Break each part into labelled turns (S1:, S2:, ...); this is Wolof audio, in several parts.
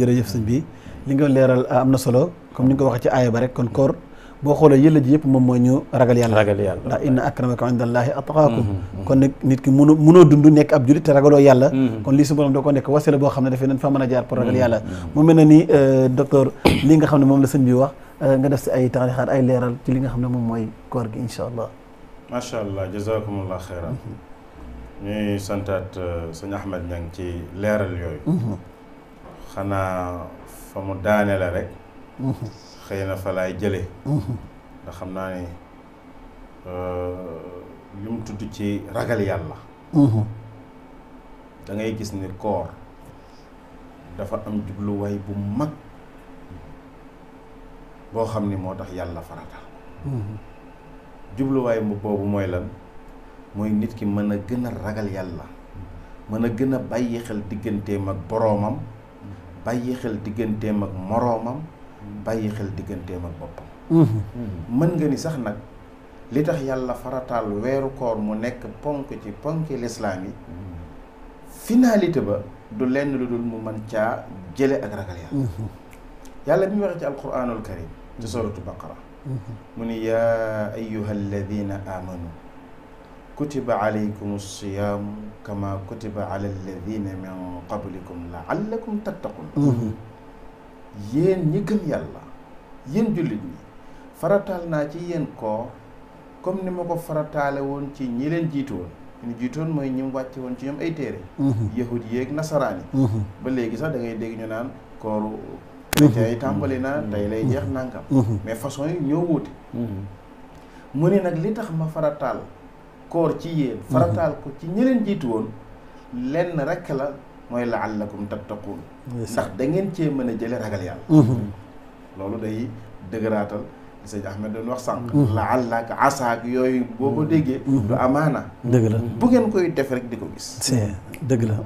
S1: jërëjëf sëñ bi li nga leeral ah, am na solo comme ni nga ko waxee ci aaya ba rek kon koor boo xoolee yëlla ji yëpp moom mooy ñu ragal yàlla ragal yàlla ndax inna akramakum indallahi atqaakum mm-hmm, mm-hmm. nag nit ki mënu mënoo dund nekk ab julit te ragaloo yàlla mm-hmm. kon lii su borom doo ko nekk wasila boo xam ne dafay nañ a jaar pour mel na ni euh, docteur li nga xam ne moom la sañ bi wax euh, nga def si ay taxalixaat ay leeral ci li nga xam ne moom mooy koor gi incha allah macha allah jazakumullah xeyran ñuy santaat euh, sëñ Ahmed Niang ci leeral yooyu xanaa fa mu daane la rek xëy na fa laay jële ndax xam naa ne euh, li tudd ci ragal yàlla da ngay gis ni koor dafa am jubluwaay bu mag boo xam ni moo tax yàlla farata jubluwaay bu boobu mooy lan mooy nit ki mën a gën a ragal yàlla mën a gën a bàyyi xel digganteem ak boroomam bàyyi xel digganteem ak moroomam bàyyi xel digganteem ak boppam mhm. hmm. mën nga ni sax nag li tax yàlla farataal weeru koor mu nekk ponk ci ponki lislaam yi finalité ba du lenn lu dul mu mën caa jële ak ragal yàlla bi mu waxee ci alquraanul karim ci suratu baqara mhm. mu ni yaa ayyuha alladina amanu kutiba alaykum siyaamu kama kutiba ala alladina min qablikum laallakum tattaqun mhm. yéen ñi gëm yàlla yéen jullit ñi farataal naa ci yéen koor comme ni ma ko farataale woon ci ñi leen jiitu woon ñu jiitoon mooy ñi wàcce woon ci ñoom ay téere mhm. yahud yeeg nasaraan yi mhm. ba léegi sax dangay ngay dégg ñu naan kooru chrétien yi tàmbali naa tey lay jeex nànkam mais façon yi ñoo wuute mu ne nag li tax ma farataal koor ci yéen mhm. farataal ko ci ñeneen jiitu woon lenn rekk la mooy laallakum tattaquun sax da ngeen cee mën a jële ragal yàlla mhm. loolu day dëgëraatal li sëñ Ahmed doon wax sànq mhm. laallak asaak yooyu boo ko déggee du amaana dëgg la bu ngeen koy def rek di ko gis dëgg la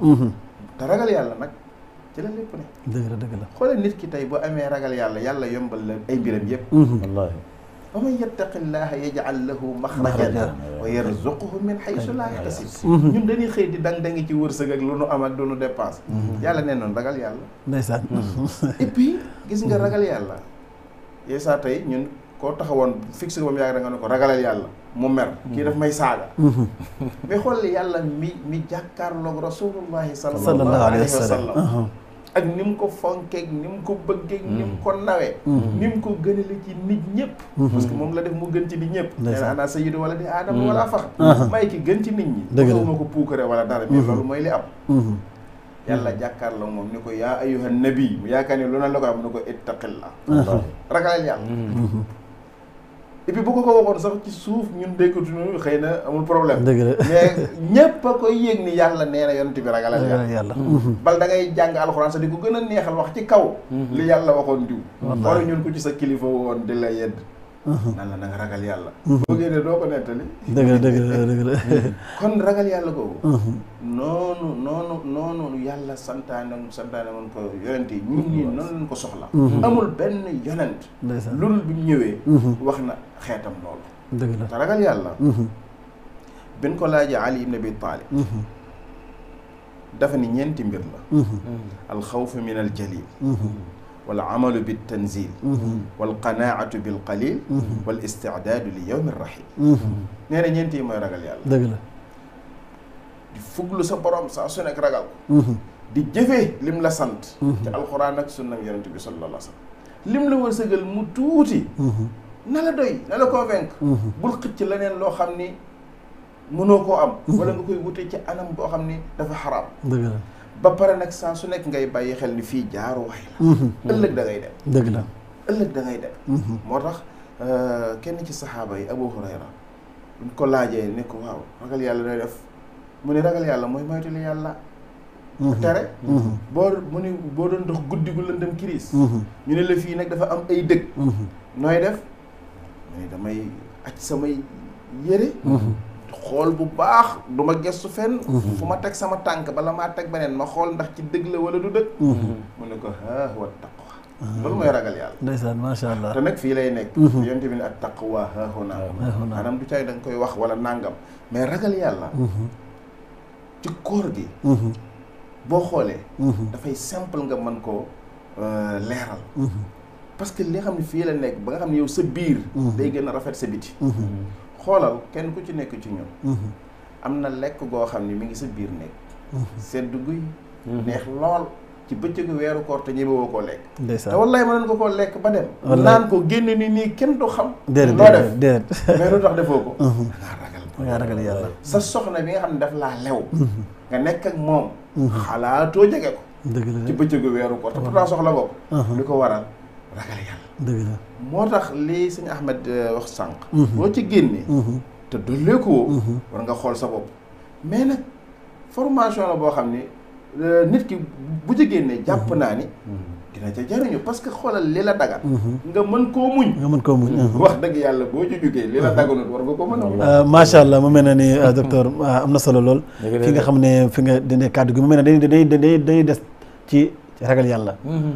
S1: te ragal yàlla nag ci la lépp ne dëgg la dëgg la xoolal nit ki tey bu amee ragal yàlla yàlla yombal la ay mbiram yëpp wallaahi wa man yattaqillaha yaj'al lahu maxrajan wa yarzuqhu min haythu laa yahtasib mm-hmm. Mm-hmm. ñun dañuy xëy di dang dangi ci wërsëg ak lu nu am ak lu nu dépense mm-hmm. yàlla nee noonu ragal yàlla ndeysaan et gis nga ragal yàlla yee saa tey ñun koo taxawoon fixé ba mu yàgg da nga ne ko ragalal yàlla mu mer kii daf may saaga mais xool yàlla mi mi jàkkaarloog rasulullahi sallallahu alayhi wa sallam ak ni ko fonkeeg ni ko bëggeeg ni mu ko nawee mm-hmm. ni ko gënale ci nit ñëpp mm-hmm. parce que moom la def mu gën ci nit ñëpp nee na ana sayyidu mm-hmm. wala di aadama wala fax may ki gën ci nit ñi ma ko puukare wala dara mais loolu mooy li am yàlla jàkkaar la moom ni ko yaa ayyuhan nabi mu yaakaar ne lu na la ko am ni ko ittaqillah uh-huh. ragalal yàlla et puis bu ko ko waxoon sax ci suuf ñun déggatuñu xëy na amul problème. dëgg la ñëpp a koy yéeg ni yàlla nee na yonent bi na yàlla. Mm-hmm. Mm-hmm. bal da ngay jàng alxuraan sax di ko gën a neexal wax ci kaw. Mm-hmm. li yàlla waxoon diw. wala ñun ku ci sa kilifa woon di la yedd. nan la na nga ragal yàlla boo génnee doo ko nettali dëgg la dëgg la dëgg la kon ragal yàlla googu noonu noonu noonu yàlla santaane santaane woon ko yonent yi ñun ñii noonu lañ ko soxla amul benn yonent loolu bi ñëwee wax na xeetam loolu dëgg la te ragal yàlla bin ko laajee Ali ibn Abi Talib dafa ni ñeenti mbir la alxawfu min aljalil والعمل بالتنزيل والقناعة بالقليل والاستعداد ليوم الرحيل nee na ñeent yi mooy ragal yàlla dëgg la di fuglu sa borom saa su nekk ragal ko di jëfee lim la sant ci alxuraan ak sunnam yonent bi sallallahu alayhi wa sallam lim la wërsëgal mu tuuti na la doy na la convaincre bul xëcc leneen loo xam ni mënoo koo am wala nga koy wute ci anam boo xam ni dafa xaraam dëgg la ba pare nag saa su nekk ngay bàyyi xel ni fii jaaruwaay la mhm. ëllëg da ngay dem dëgg la ëllëg da ngay mhm. moo tax euh, kenn ci saxaaba yi Abu Hurayra buñ ko laajee ne waaw ragal yàlla day def mu ne ragal yàlla mooy moytuli yàlla mhm. tere boo mu ne boo doon dox guddi gu lëndëm kiriis ñu ne la fii nag dafa am ay dëkk nooy def mu ne damay aj samay yére xol bu baax duma gessu fen mhm. fuma tek sama tank bala ma tek benen ma xol ndax ci dëgg la wala du dëgg mhm. mu ne ko ha wa taqwa ah. loolu moy ragal ndaysan ma sha allah te nag fi lay nek mhm. yonte bi ne ak taqwa haahuna maanaam du tay da koy wax wala nangam mais ragal yalla ci koor gi boo da fay simple nga man ko euh, leral parce que li xamni fi la nek ba nga xamni yow sa bir day gëna rafet sa biti xoolal kenn ku ci nekk ci ñun. Mhm. am na lekk goo xam ne mu ngi sa biir nekk. Mhm. sedd ñu mhm. neex lool ci bëccëgu weeru koor te ñebe woo koo lekk. ndeysaan te wallaay mënoon nga koo lekk ba dem. naan ko génn ni kenn du xam. déedéet déedéet déedéet loo def mais tax defoo ko. nga ragal yàlla sa soxna bi nga xam daf laa lew. nga nekk ak moom. xalaatoo jege ko. dëgg la ci bëccëgu weeru koor te pourtant soxla boobu. li ko waral. ragal yàlla. dëgg la moo tax lii sëñ Ahmed euh, wax sànq. Mhm. boo ci génnee. Mhm. te dollee ko. Mhm. war nga xool sa bopp. mais nag formation la boo xam ni euh, nit ki bu ci génnee jàpp naa ni. dina ca jariñu parce que xoolal li la dagal. nga mën koo muñ. nga mën koo muñ. wax dëgg yàlla boo ci jugee li la daganul war nga ko mën a. Euh, macha allah mu mel ne ni am na solo lool. fi nga xam ne fi nga dindee kàddu gi mu mel ne dañuy dañuy dañuy des ci ragal yàlla.